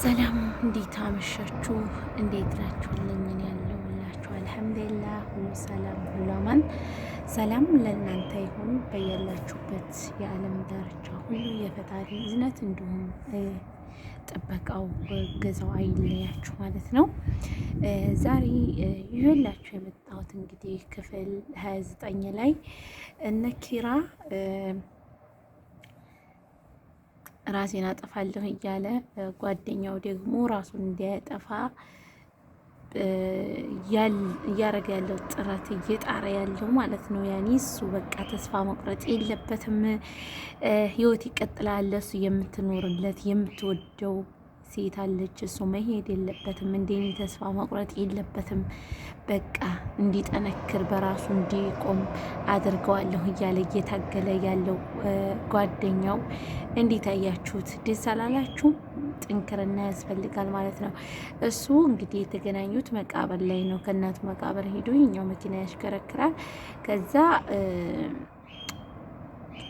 ሰላም እንዴት አመሻችሁ? እንዴት ናችሁልኝ? እኔ ያለሁላችሁ አልሐምዱሊላህ፣ ሁሉ ሰላም፣ ሁሉ አማን። ሰላም ለእናንተ ይሁን በያላችሁበት የዓለም ዳርቻ ሁሉ የፈጣሪ እዝነት እንዲሁም ጥበቃው ገዛው አይለያችሁ ማለት ነው። ዛሬ ይዤላችሁ የመጣሁት እንግዲህ ክፍል 29 ላይ እነ ኪራ ራሴን አጠፋለሁ እያለ ጓደኛው ደግሞ ራሱን እንዲያጠፋ እያደረገ ያለው ጥረት እየጣረ ያለው ማለት ነው። ያኔ እሱ በቃ ተስፋ መቁረጥ የለበትም። ህይወት ይቀጥላል። እሱ የምትኖርለት የምትወደው ሴት አለች። እሱ መሄድ የለበትም እንደኔ ተስፋ መቁረጥ የለበትም። በቃ እንዲጠነክር በራሱ እንዲቆም አድርገዋለሁ እያለ እየታገለ ያለው ጓደኛው እንዴት አያችሁት? ደስ ጥንክርና ያስፈልጋል ማለት ነው። እሱ እንግዲህ የተገናኙት መቃብር ላይ ነው። ከእናቱ መቃብር ሄዶ የኛው መኪና ያሽከረክራል። ከዛ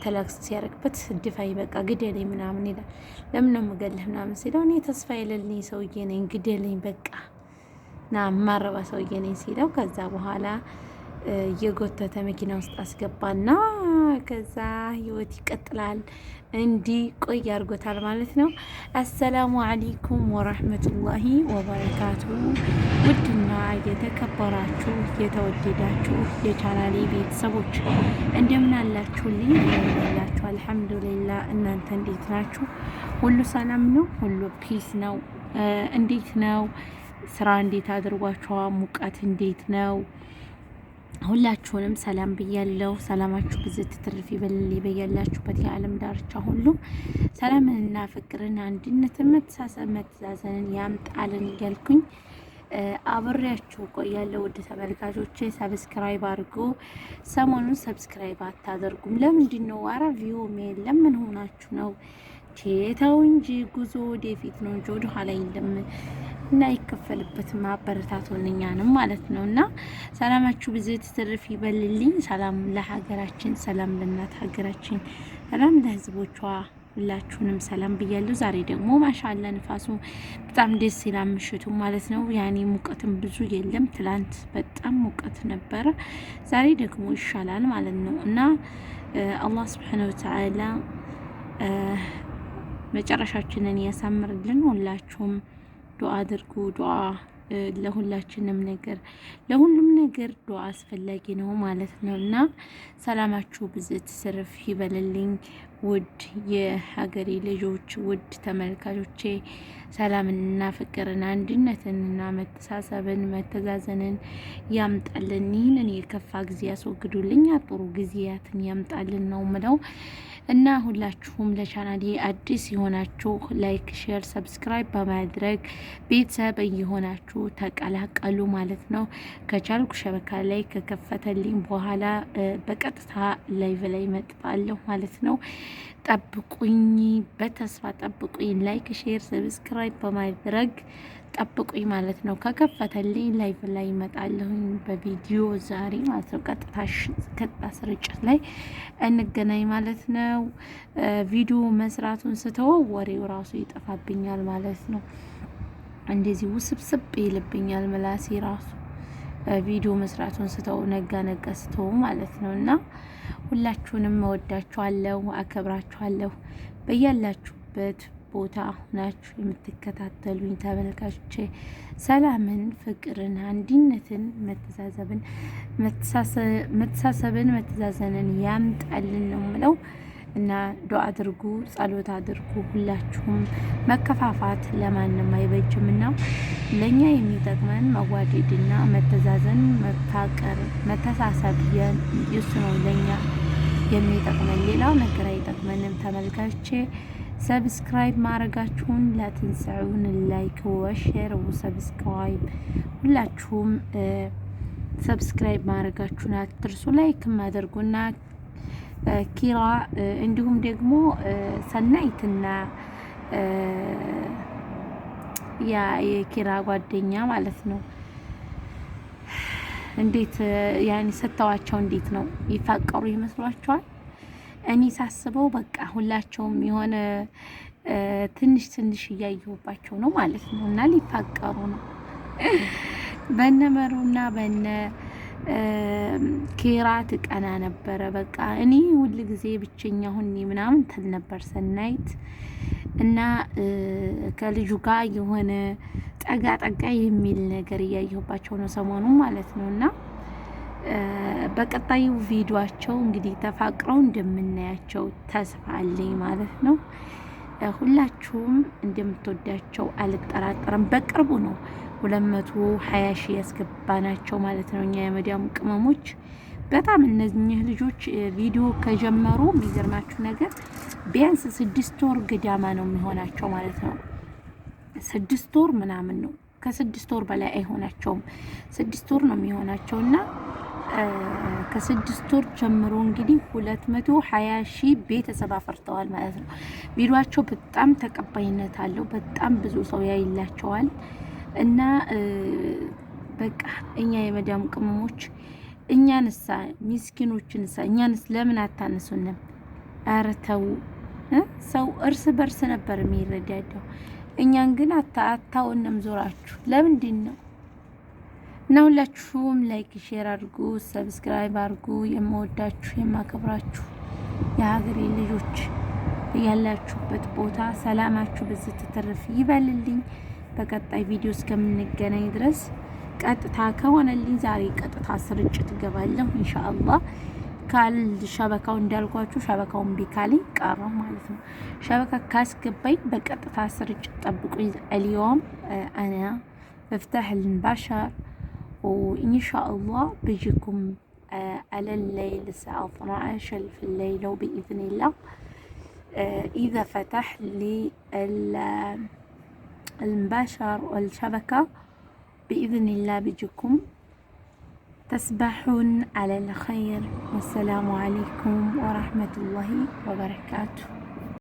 ተላክስ ሲያደርግበት ድፋይ በቃ ግደለኝ ምናምን ይላል። ለምን ነው የምገልህ ምናምን ሲለው እኔ ተስፋ የሌለኝ ሰውዬ ነኝ ግደለኝ በቃ ና ማረባ ሰውዬ ነኝ ሲለው ከዛ በኋላ እየጎተተ መኪና ውስጥ አስገባና ከዛ ህይወት ይቀጥላል። እንዲህ ቆይ አድርጎታል ማለት ነው። አሰላሙ አለይኩም ወራህመቱላሂ ወበረካቱ ውድ የተከበራችሁ የተወደዳችሁ የቻናሌ ቤተሰቦች እንደምን አላችሁልኝ? ያላችሁ አልሐምዱሊላ። እናንተ እንዴት ናችሁ? ሁሉ ሰላም ነው? ሁሉ ፒስ ነው? እንዴት ነው ስራ? እንዴት አድርጓችኋ? ሙቀት እንዴት ነው? ሁላችሁንም ሰላም ብያለሁ። ሰላማችሁ ብዙ ትትርፍ ይበል በያላችሁበት የዓለም ዳርቻ ሁሉ ሰላምንና ፍቅርን አንድነትን፣ መተሳሰብ፣ መተዛዘንን ያምጣልን እያልኩኝ አብሬያችሁ ቆያለሁ። ውድ ተመልካቾች ሰብስክራይብ አድርጉ። ሰሞኑን ሰብስክራይብ አታደርጉም ለምንድን ነው? አራ ቪዮ ሜል ለምን ሆናችሁ ነው? ቼታው እንጂ ጉዞ ወደፊት ነው እንጂ ወደ ኋላ የለም። እና ይከፈልበት አበረታቱን እኛንም ማለት ነው። እና ሰላማችሁ ብዙ ትርፍ ይበልልኝ። ሰላም ለሀገራችን፣ ሰላም ለእናት ሀገራችን፣ ሰላም ለህዝቦቿ። ሁላችሁንም ሰላም ብያለሁ። ዛሬ ደግሞ ማሻላ ንፋሱ በጣም ደስ ይላል ምሽቱ ማለት ነው። ያኔ ሙቀትም ብዙ የለም። ትላንት በጣም ሙቀት ነበረ፣ ዛሬ ደግሞ ይሻላል ማለት ነው እና አላህ ስብሐነሁ ወተዓላ መጨረሻችንን ያሳምርልን። ሁላችሁም ዱዓ አድርጉ ዱዓ ለሁላችንም ነገር ለሁሉም ነገር ዱዓ አስፈላጊ ነው ማለት ነው እና ሰላማችሁ ብዝት ስርፍ ይበልልኝ። ውድ የሀገሬ ልጆች፣ ውድ ተመልካቾቼ ሰላምንና ፍቅርን አንድነትንና መተሳሰብን መተዛዘንን ያምጣልን። ይህንን የከፋ ጊዜ ያስወግዱልኝ፣ ጥሩ ጊዜያትን ያምጣልን ነው ምለው እና ሁላችሁም ለቻናሌ አዲስ የሆናችሁ ላይክ፣ ሼር፣ ሰብስክራይብ በማድረግ ቤተሰብ እየሆናችሁ አብራችሁ ተቀላቀሉ ማለት ነው። ከቻልኩ ሸበካ ላይ ከከፈተልኝ በኋላ በቀጥታ ላይቭ ላይ መጥፋለሁ ማለት ነው። ጠብቁኝ፣ በተስፋ ጠብቁኝ። ላይክ፣ ሼር፣ ሰብስክራይብ በማድረግ ጠብቁኝ ማለት ነው። ከከፈተልኝ ላይቭ ላይ ይመጣለሁኝ በቪዲዮ ዛሬ ማለት ነው። ቀጥታ ስርጭት ላይ እንገናኝ ማለት ነው። ቪዲዮ መስራቱን ስተወው ወሬው ራሱ ይጠፋብኛል ማለት ነው። እንደዚህ ውስብስብ ይልብኛል ምላሴ ራሱ ቪዲዮ መስራቱን ስተው ነጋ ነጋ ስተው ማለት ነው። እና ሁላችሁንም እወዳችኋለሁ፣ አከብራችኋለሁ። በያላችሁበት ቦታ ሁናችሁ የምትከታተሉኝ ተመልካቾቼ ሰላምን፣ ፍቅርን፣ አንድነትን፣ መተሳሰብን መተሳሰብን መተዛዘንን ያምጣልን ነው ምለው እና ዱአ አድርጉ፣ ጸሎት አድርጉ። ሁላችሁም መከፋፋት ለማንም አይበጅም እና ለእኛ የሚጠቅመን መዋደድና መተዛዘን፣ መታቀር፣ መተሳሰብ እሱ ነው ለእኛ የሚጠቅመን። ሌላው ነገር አይጠቅመንም። ተመልካቼ ሰብስክራይብ ማድረጋችሁን ላትንሰዑን፣ ላይክ ወሼር ሰብስክራይብ ሁላችሁም ሰብስክራይብ ማድረጋችሁን አትርሱ። ላይክም አድርጉና ኪራ እንዲሁም ደግሞ ሰናይትና ያ የኪራ ጓደኛ ማለት ነው። እንዴት ያኔ ስተዋቸው እንዴት ነው ይፋቀሩ ይመስሏቸዋል? እኔ ሳስበው በቃ ሁላቸውም የሆነ ትንሽ ትንሽ እያየሁባቸው ነው ማለት ነው። እና ሊፋቀሩ ነው በነ መሩና በነ ኪራ ትቀና ነበረ። በቃ እኔ ሁል ጊዜ ብቸኛ ሁኔ ምናምን ትል ነበር ሰናይት እና ከልጁ ጋር የሆነ ጠጋ ጠጋ የሚል ነገር እያየሁባቸው ነው ሰሞኑ ማለት ነው። እና በቀጣዩ ቪዲዮቸው እንግዲህ ተፋቅረው እንደምናያቸው ተስፋ አለኝ ማለት ነው። ሁላችሁም እንደምትወዳቸው አልጠራጠርም። በቅርቡ ነው ሁለት መቶ ሀያ ሺ ያስገባ ናቸው ማለት ነው። እኛ የመዲያም ቅመሞች በጣም እነዚህ ልጆች ቪዲዮ ከጀመሩ የሚገርማችሁ ነገር ቢያንስ ስድስት ወር ግዳማ ነው የሚሆናቸው ማለት ነው። ስድስት ወር ምናምን ነው ከስድስት ወር በላይ አይሆናቸውም። ስድስት ወር ነው የሚሆናቸው እና ከስድስት ወር ጀምሮ እንግዲህ ሁለት መቶ ሀያ ሺህ ቤተሰብ አፈርተዋል ማለት ነው። ቪዲዮቸው በጣም ተቀባይነት አለው። በጣም ብዙ ሰው ያይላቸዋል። እና በቃ እኛ የመዳም ቅመሞች እኛንሳ ሚስኪኖችንሳ እኛንስ ለምን አታነሱንም? ኧረ ተው። ሰው እርስ በርስ ነበር የሚረዳዳው። እኛን ግን አታውንም። ዞራችሁ ለምንድን ነው? እና ሁላችሁም ላይክ፣ ሼር አድርጉ፣ ሰብስክራይብ አድርጉ። የምወዳችሁ የማከብራችሁ የሀገሬ ልጆች ያላችሁበት ቦታ ሰላማችሁ ብዙ ትትርፍ ይበልልኝ። በቀጣይ ቪዲዮ እስከምንገናኝ ድረስ ቀጥታ ከሆነልኝ ዛሬ ቀጥታ ስርጭት እገባለሁ ኢንሻአላህ። ካል ሸበካው እንዳልኳችሁ ሸበካውን ቢካልኝ ቀረው ማለት ነው። ሸበካ ካስገባኝ በቀጥታ ስርጭት ጠብቁኝ። አልዮም አና መፍታህ ልንባሻር وإنشاء الله بيجيكم على الليل الساعة 12 في الليل وبإذن الله إذا فتح لي المباشر والشبكة بإذن الله بجكم تسبحون على الخير والسلام عليكم ورحمة الله وبركاته